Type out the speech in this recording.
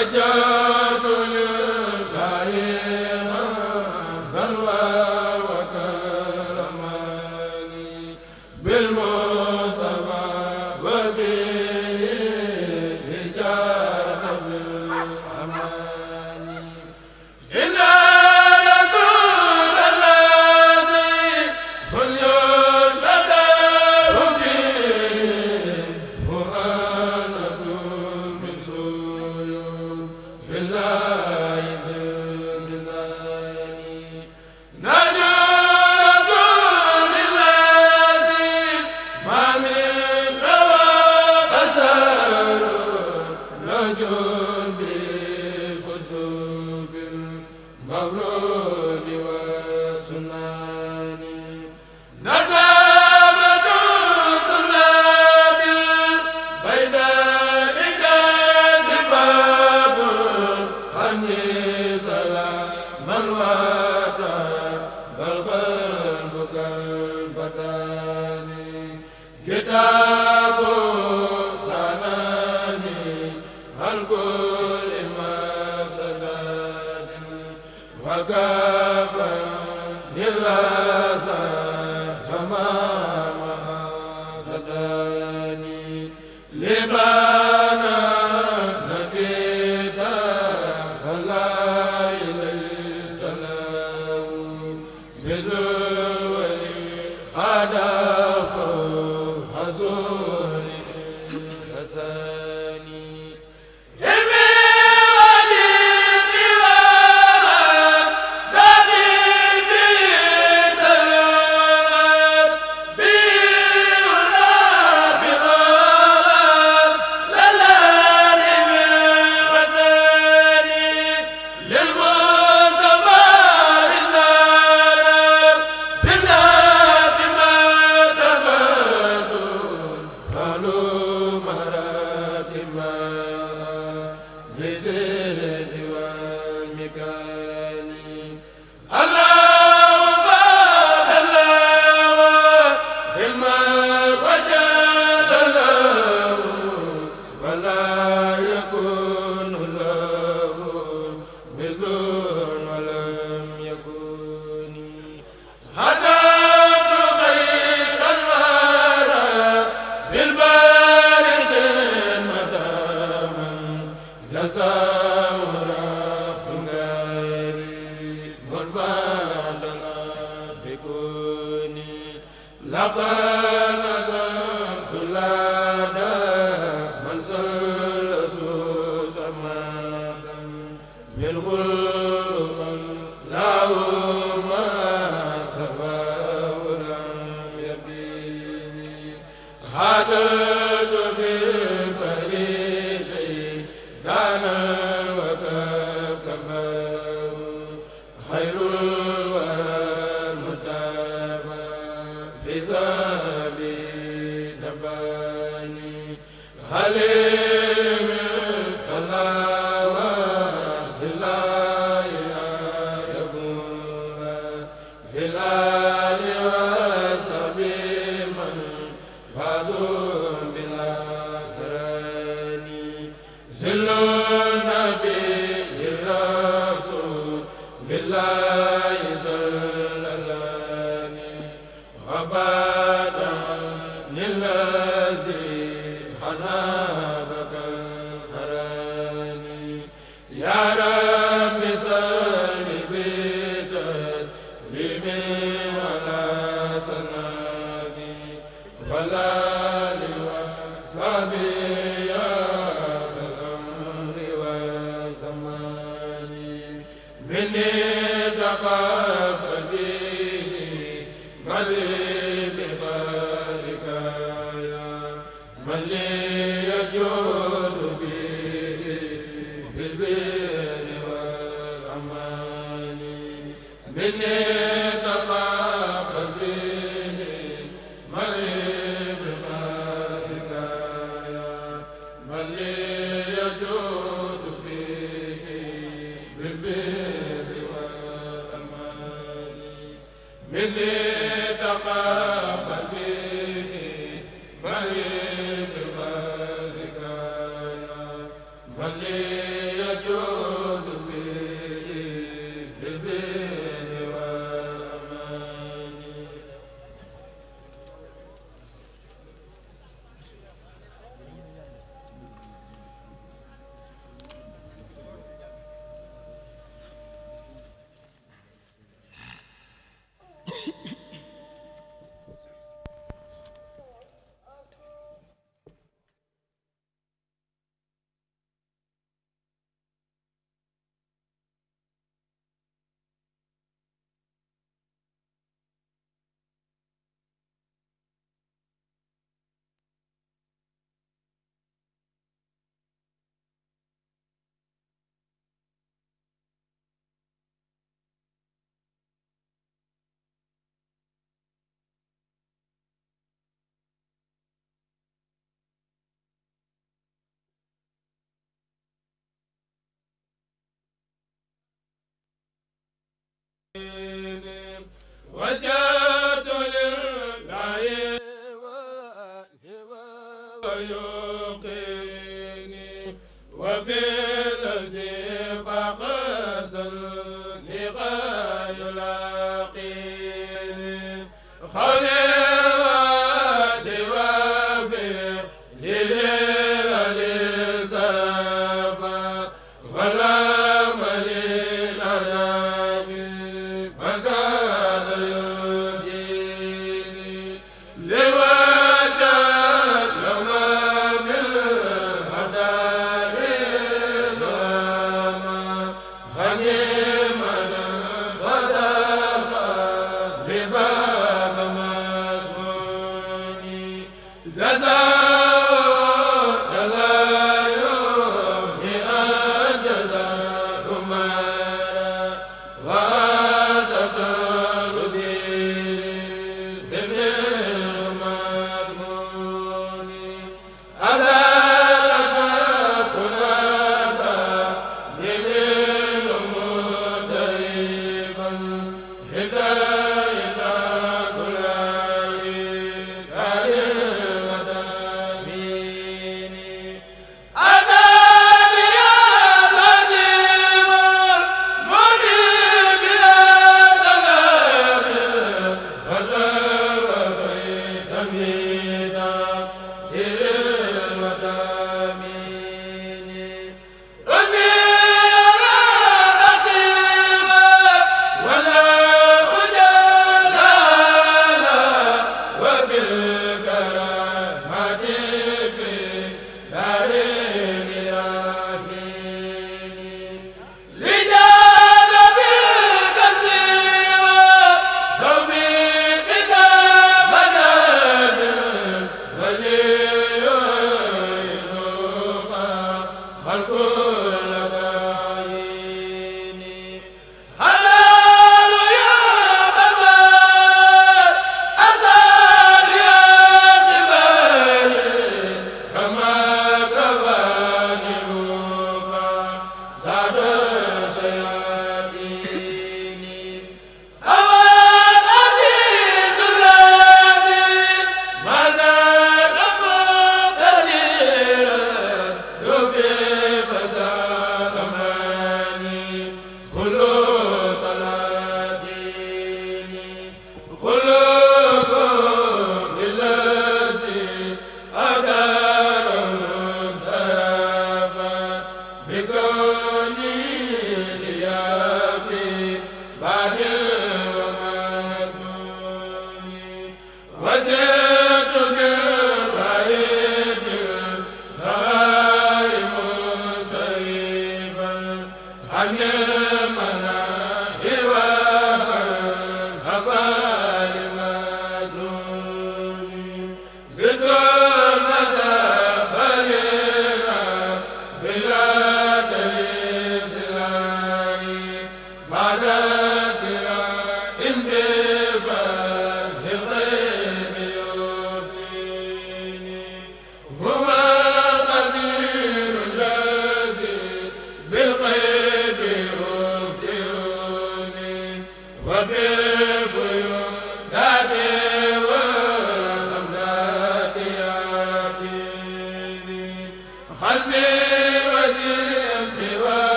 ajatun hada ba mene Amen.